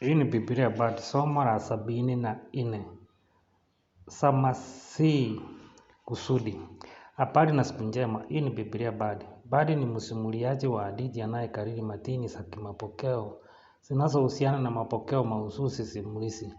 Hii ni Biblia Bard, somo la sabini na nne. si kusudi. Habari na siku njema. Hii ni Biblia Bard. Bard ni msimuliaji wa hadithi anayekariri matini za kimapokeo zinazohusiana na mapokeo mahususi simulizi.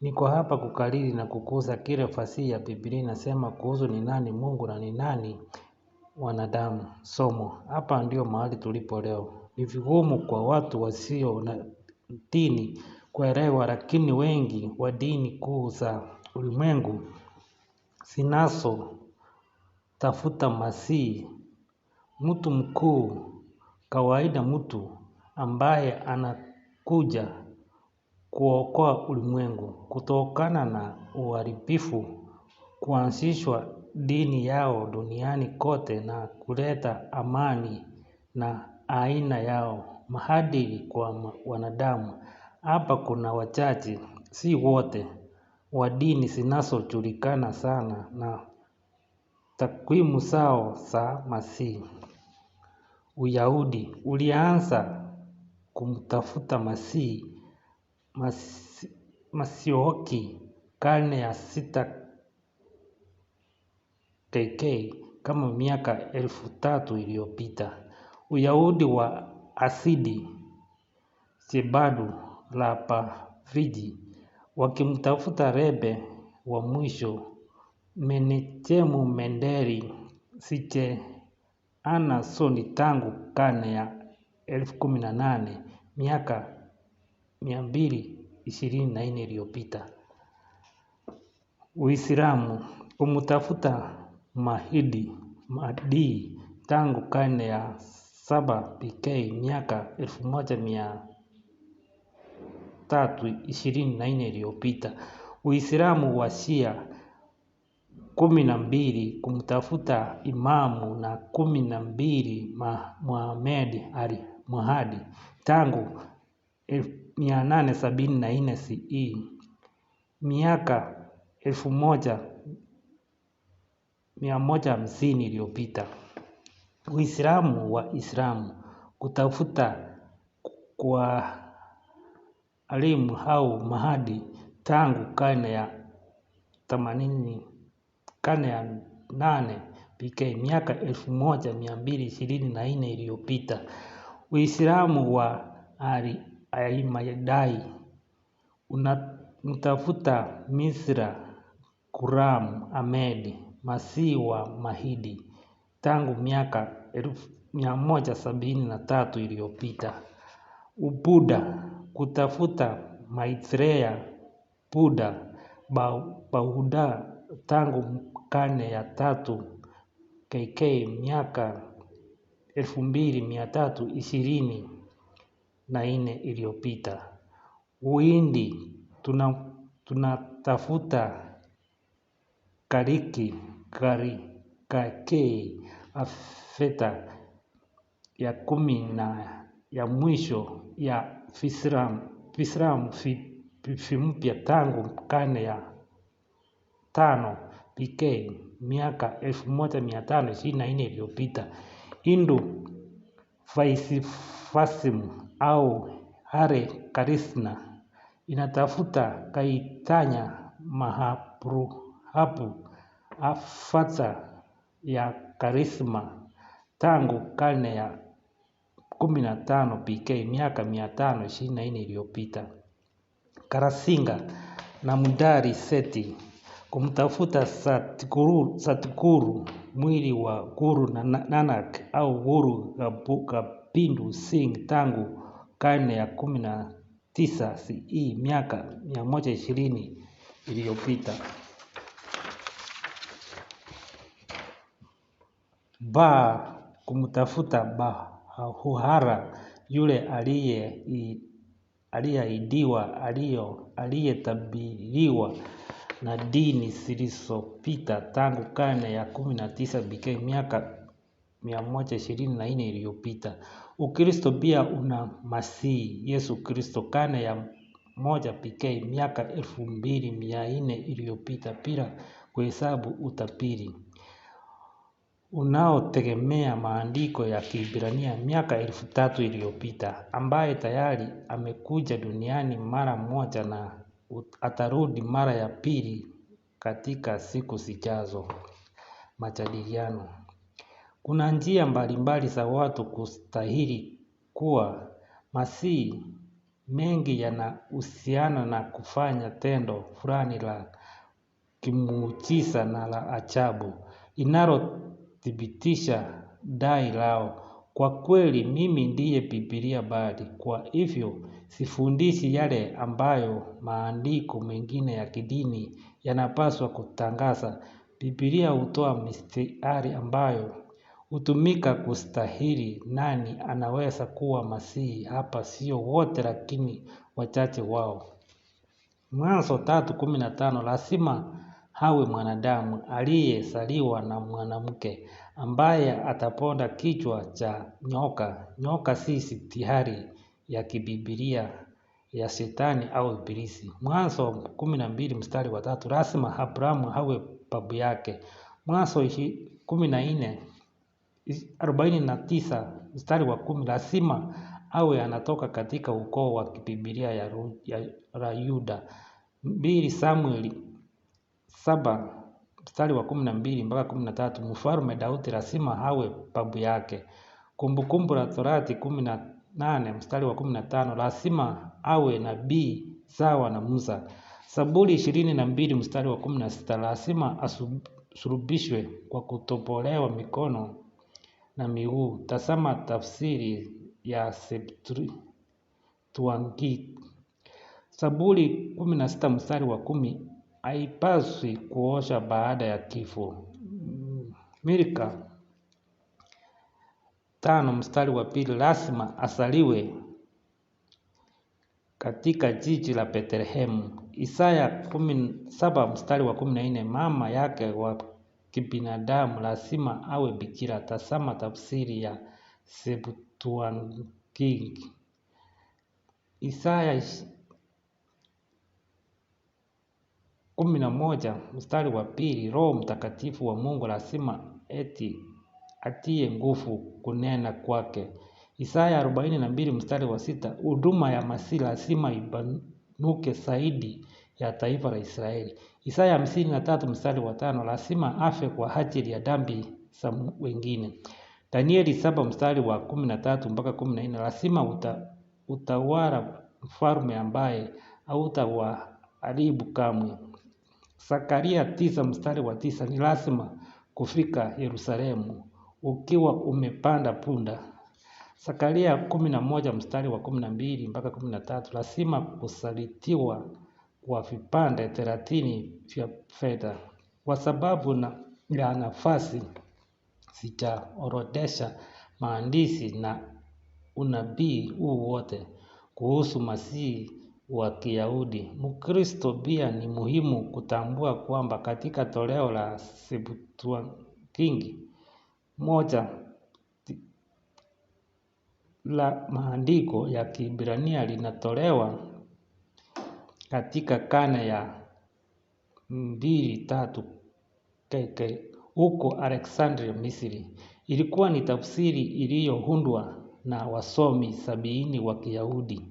Niko hapa kukariri na kukuza kile fasihi ya Biblia inasema kuhusu ni nani Mungu na ni nani wanadamu. Somo. Hapa ndio mahali tulipo leo. Ni vigumu kwa watu wasio na dini kuelewa lakini wengi wa dini kuu za ulimwengu zinazotafuta masihi mtu mkuu kawaida mtu ambaye anakuja kuokoa ulimwengu kutokana na uharibifu kuanzishwa dini yao duniani kote na kuleta amani na aina yao maadili kwa wanadamu. Hapa kuna wachache, si wote, wa dini zinazojulikana sana na takwimu zao za masihi. Uyahudi ulianza kumtafuta masihi Masioki karne ya sita KK kama miaka elfu tatu iliyopita. Uyahudi wa asidi Sebanu la Paviji wakimtafuta Rebe wa mwisho Menechemu Menderi soni tangu kane ya elfu kumi na nane miaka mia mbili ishirini na nne iliyopita Uislamu umtafuta Mahdi tangu kane ya 7 PK miaka 1324 iliyopita. Uislamu wa Shia kumi na mbili kumtafuta imamu na kumi na mbili Muhammad Ali Muhadi tangu 1874 CE miaka 1150 iliyopita. Uislamu wa islamu kutafuta kwa alimu au mahadi tangu karne ya themanini karne ya nane pekee miaka elfu moja mia mbili ishirini na nne iliyopita. Uislamu wa al-Imaydai unamtafuta Misra Kuram amedi masiwa wa Mahidi tangu miaka elfu mia moja sabini na tatu iliyopita. Ubuddha kutafuta Maitreya Buddha bahuda tangu karne ya tatu KK miaka elfu mbili mia tatu ishirini na nne iliyopita. Uhindi tunatafuta kariki Kali Kakei afeta ya kumi na ya mwisho ya Kiislamu vimpya tangu karne ya tano PK miaka elfu moja mia tano ishirini na nne iliyopita. Hindu vaisifasimu au Hare Krishna inatafuta kaitanya Mahaprabhu, afata ya karisma tangu karne ya 15 PK miaka 524 iliyopita. Karasinga na Mudari Seti kumtafuta Satguru, Satguru mwili wa Guru Nanak au Guru Kapindu Singh tangu karne ya 19 CE miaka 120 iliyopita. baa kumtafuta bahuhara yule aliyeahidiwa aliyetabiriwa na dini zilizopita tangu karne ya kumi na tisa BK miaka mia moja ishirini na nne iliyopita. Ukristo pia una Masihi Yesu Kristo karne ya moja BK miaka elfu mbili mia nne iliyopita bila kuhesabu utapiri unaotegemea maandiko ya Kiebrania miaka elfu tatu iliyopita ambaye tayari amekuja duniani mara moja na atarudi mara ya pili katika siku zijazo. Majadiliano. Kuna njia mbalimbali za watu kustahili kuwa masihi mengi yanahusiana na kufanya tendo fulani la kimuujiza na la ajabu inaro kuthibitisha dai lao. Kwa kweli mimi ndiye bibilia bali. Kwa hivyo sifundishi yale ambayo maandiko mengine ya kidini yanapaswa kutangaza. Bibilia hutoa mistari ambayo hutumika kustahili nani anaweza kuwa masihi hapa sio wote lakini wachache wao. Mwanzo tatu kumi na tano lazima awe mwanadamu aliyezaliwa na mwanamke ambaye ataponda kichwa cha nyoka. Nyoka si sitihari ya kibibilia ya shetani au ibilisi. Mwanzo kumi na mbili mstari wa tatu lazima Abrahamu awe babu yake. Mwanzo kumi na nne arobaini na tisa mstari wa kumi lazima awe anatoka katika ukoo wa kibibilia ya, ya, ya Yuda. Mbili Samueli saba mstari wa kumi na mbili mpaka kumi na tatu mfalme Daudi lazima awe babu yake. Kumbukumbu la Torati kumi na nane mstari wa kumi na tano lazima awe nabii sawa na Musa. Saburi ishirini na mbili mstari wa kumi na sita lazima asulubishwe kwa kutobolewa mikono na miguu. Tazama tafsiri ya Septuagint. Saburi kumi na sita mstari wa kumi haipaswi kuosha baada ya kifo. mirka tano mstari wa pili lazima asaliwe katika jiji la Bethlehemu. Isaya kumi saba mstari wa kumi na nne mama yake wa kibinadamu lazima awe bikira. Tazama tafsiri ya Septuagint. Isaya kumi na moja mstari wa pili Roho Mtakatifu wa Mungu lazima eti atie nguvu kunena kwake. Isaya arobaini na mbili mstari wa sita huduma ya masii lazima ibanuke zaidi ya taifa la Israeli. Isaya hamsini na tatu mstari wa tano lazima afe kwa ajili ya dambi za wengine. Danieli saba mstari wa kumi na tatu mpaka kumi na nne lazima uta, utawala mfalme ambaye hautawaharibu kamwe. Zakaria tisa mstari wa tisa ni lazima kufika Yerusalemu ukiwa umepanda punda. Zakaria kumi na moja mstari wa kumi na mbili mpaka kumi na tatu lazima kusalitiwa kwa vipande thelathini vya fedha kwa sababu na, ya nafasi sijaorodesha maandishi na unabii huu wote kuhusu Masihi wa Kiyahudi. Mkristo pia ni muhimu kutambua kwamba katika toleo la Septuaginti moja la maandiko ya Kiebrania linatolewa katika kane ya mbili tatu keke huko Alexandria, Misri. Ilikuwa ni tafsiri iliyoundwa na wasomi sabini wa Kiyahudi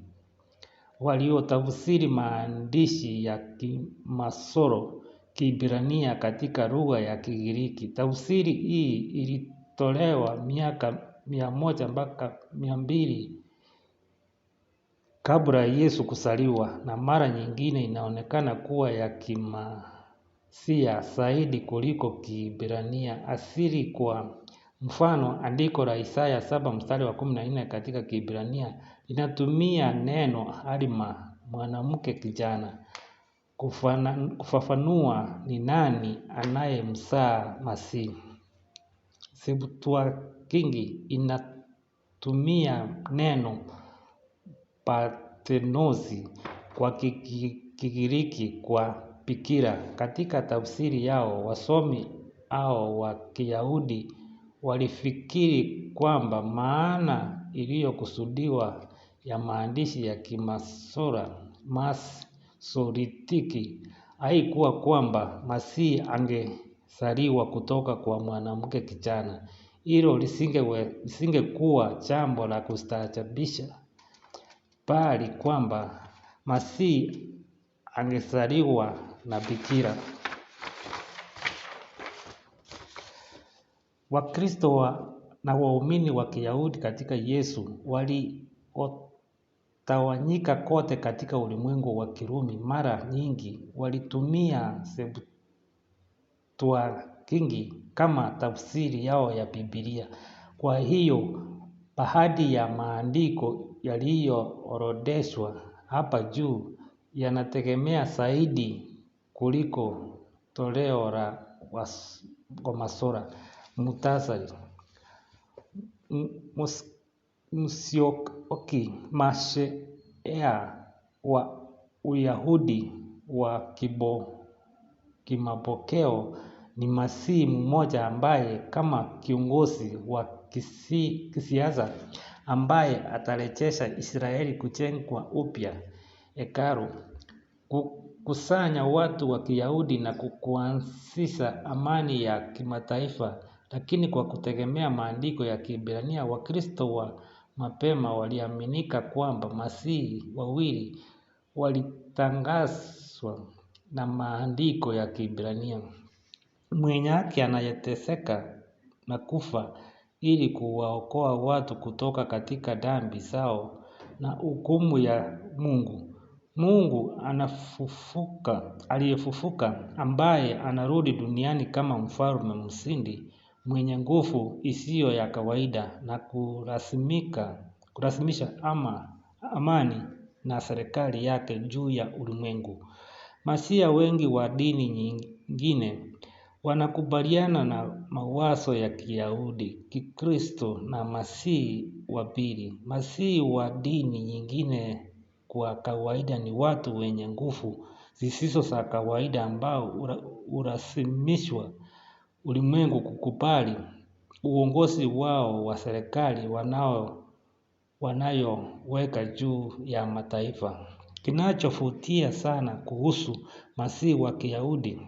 waliotafsiri maandishi ya kimasoro Kiibrania katika lugha ya Kigiriki. Tafsiri hii ilitolewa miaka mia moja mpaka mia mbili kabla Yesu kusaliwa na mara nyingine inaonekana kuwa ya Kimasia zaidi kuliko Kiibrania asili kwa Mfano andiko la Isaya saba mstari wa kumi na nne katika Kiebrania linatumia neno alma mwanamke kijana kufafanua ni nani anayemsaa Masihi. Septua Kingi inatumia neno patenosi kwa Kigiriki kwa bikira. Katika tafsiri yao wasomi au wa Kiyahudi walifikiri kwamba maana iliyokusudiwa ya maandishi ya Kimasoretiki haikuwa kwamba Masihi angesaliwa kutoka kwa mwanamke kijana. Hilo lisingekuwa jambo la kustaajabisha, bali kwamba Masihi angezaliwa na bikira. Wakristo wa, na waumini wa Kiyahudi katika Yesu waliotawanyika kote katika ulimwengu wa Kirumi mara nyingi walitumia kingi kama tafsiri yao ya Biblia. Kwa hiyo baadhi ya maandiko yaliyoorodheshwa hapa juu yanategemea zaidi kuliko toleo la Wamasora. Muhtasari: Msyoki, masheia wa Uyahudi wa kimapokeo ni Masihi mmoja ambaye kama kiongozi wa kisiasa ambaye atarejesha Israeli kujengwa upya Hekalu, kukusanya watu wa Kiyahudi na kuanzisha amani ya kimataifa lakini kwa kutegemea maandiko ya Kiebrania Wakristo wa mapema waliaminika kwamba Masihi wawili walitangazwa na maandiko ya Kiebrania. Mwenye haki anayeteseka na kufa ili kuwaokoa watu kutoka katika dhambi zao na hukumu ya Mungu. Mungu anafufuka, aliyefufuka ambaye anarudi duniani kama mfalme mshindi mwenye nguvu isiyo ya kawaida na kurasimisha ama amani na serikali yake juu ya ulimwengu. Masia wengi wa dini nyingine wanakubaliana na mawazo ya kiyahudi, kikristo na masihi wa pili. Masihi wa dini nyingine kwa kawaida ni watu wenye nguvu zisizo za kawaida ambao hurasimishwa ulimwengu kukubali uongozi wao wa serikali wanao wanayoweka juu ya mataifa. Kinachovutia sana kuhusu masihi wa kiyahudi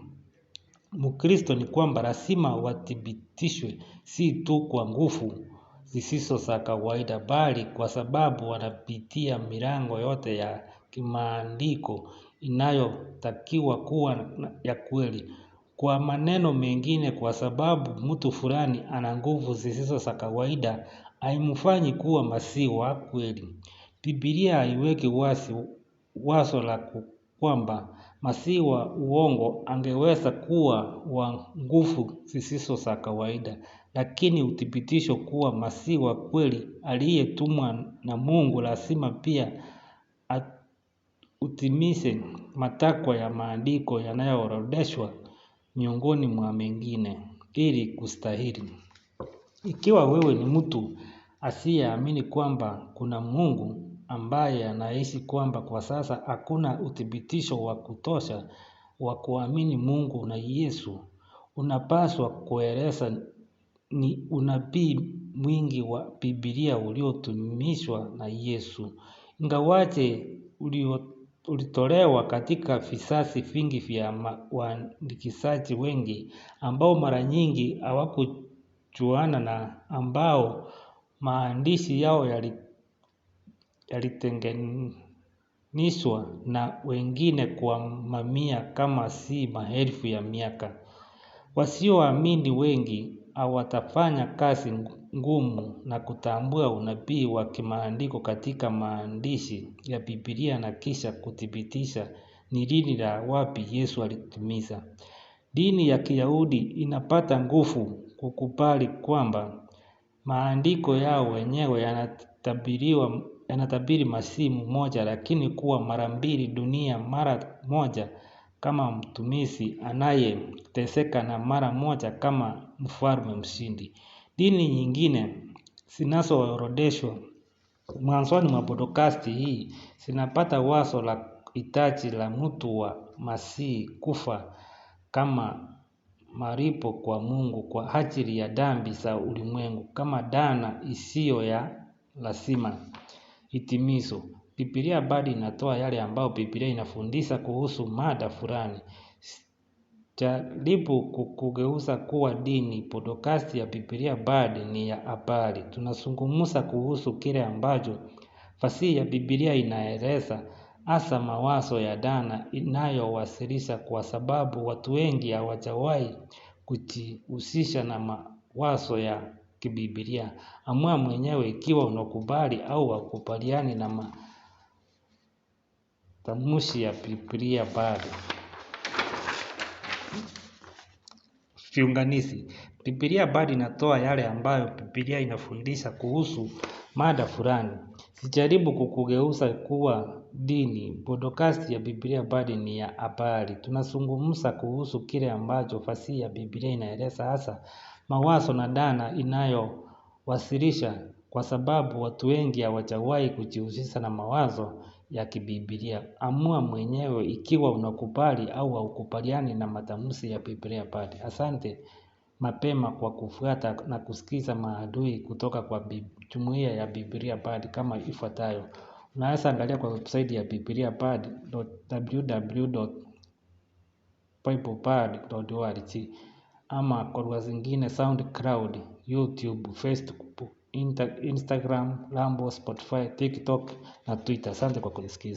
mkristo ni kwamba lazima wathibitishwe si tu kwa nguvu zisizo za kawaida bali kwa sababu wanapitia milango yote ya kimaandiko inayotakiwa kuwa ya kweli. Kwa maneno mengine kwa sababu mtu fulani ana nguvu zisizo za kawaida haimfanyi kuwa masiwa kweli. Biblia haiweki wazi wazo la kwamba masiwa uongo angeweza kuwa wa nguvu zisizo za kawaida. Lakini uthibitisho kuwa masiwa kweli aliyetumwa na mungu lazima pia utimize matakwa ya maandiko yanayoorodheshwa miongoni mwa mengine ili kustahili. Ikiwa wewe ni mtu asiyeamini kwamba kuna mungu ambaye anaishi kwamba kwa sasa hakuna uthibitisho wa kutosha wa kuamini mungu na yesu unapaswa kueleza ni unabii mwingi wa biblia uliotumishwa na yesu. Ingawaje ulio ulitolewa katika visasi vingi vya waandikishaji wengi ambao mara nyingi hawakujuana na ambao maandishi yao yalitenganishwa na wengine kwa mamia kama si maelfu ya miaka. Wasioamini wengi hawatafanya kazi ngumu na kutambua unabii wa kimaandiko katika maandishi ya biblia na kisha kuthibitisha ni lini la wapi Yesu alitimiza. Dini ya kiyahudi inapata nguvu kukubali kwamba maandiko yao wenyewe yanatabiri masihi mmoja lakini kuwa mara mbili dunia mara moja kama mtumishi anayeteseka na mara moja kama mfalme mshindi. Dini nyingine zinazoorodheshwa mwanzoni mwa podokasti hii zinapata wazo la hitaji la mtu wa masihi kufa kama maripo kwa Mungu kwa ajili ya dhambi za ulimwengu kama dana isiyo ya lazima. Hitimizo: Biblia bado inatoa yale ambayo Biblia inafundisha kuhusu mada fulani jaribu kukugeuza kuwa dini podokasti ya Biblia bali ni ya habari. Tunazungumza kuhusu kile ambacho fasihi ya Biblia inaeleza hasa mawazo ya dana inayowasilisha kwa sababu watu wengi hawajawahi kujihusisha na mawazo ya kibiblia. Amua mwenyewe ikiwa unakubali au wakubaliani na matamshi ya Biblia bad Viunganishi. Biblia bado inatoa yale ambayo Biblia inafundisha kuhusu mada fulani. Sijaribu kukugeuza kuwa dini. Podcast ya Biblia bado ni ya habari. Tunazungumza kuhusu kile ambacho fasihi ya Biblia inaeleza hasa mawazo na dhana inayowasilisha kwa sababu watu wengi hawajawahi kujihusisha na mawazo ya kibibilia Amua mwenyewe ikiwa unakubali au haukubaliani na matamshi ya Biblia pale. Asante mapema kwa kufuata na kusikiza maadui kutoka kwa jumuiya ya Biblia Bard kama ifuatayo. Unaweza angalia kwa website ya Biblia Bard www.biblebard.org ama kwa lugha zingine SoundCloud, YouTube, Facebook Instagram, Rambo, Spotify, TikTok na Twitter. Asante kwa kunisikiza.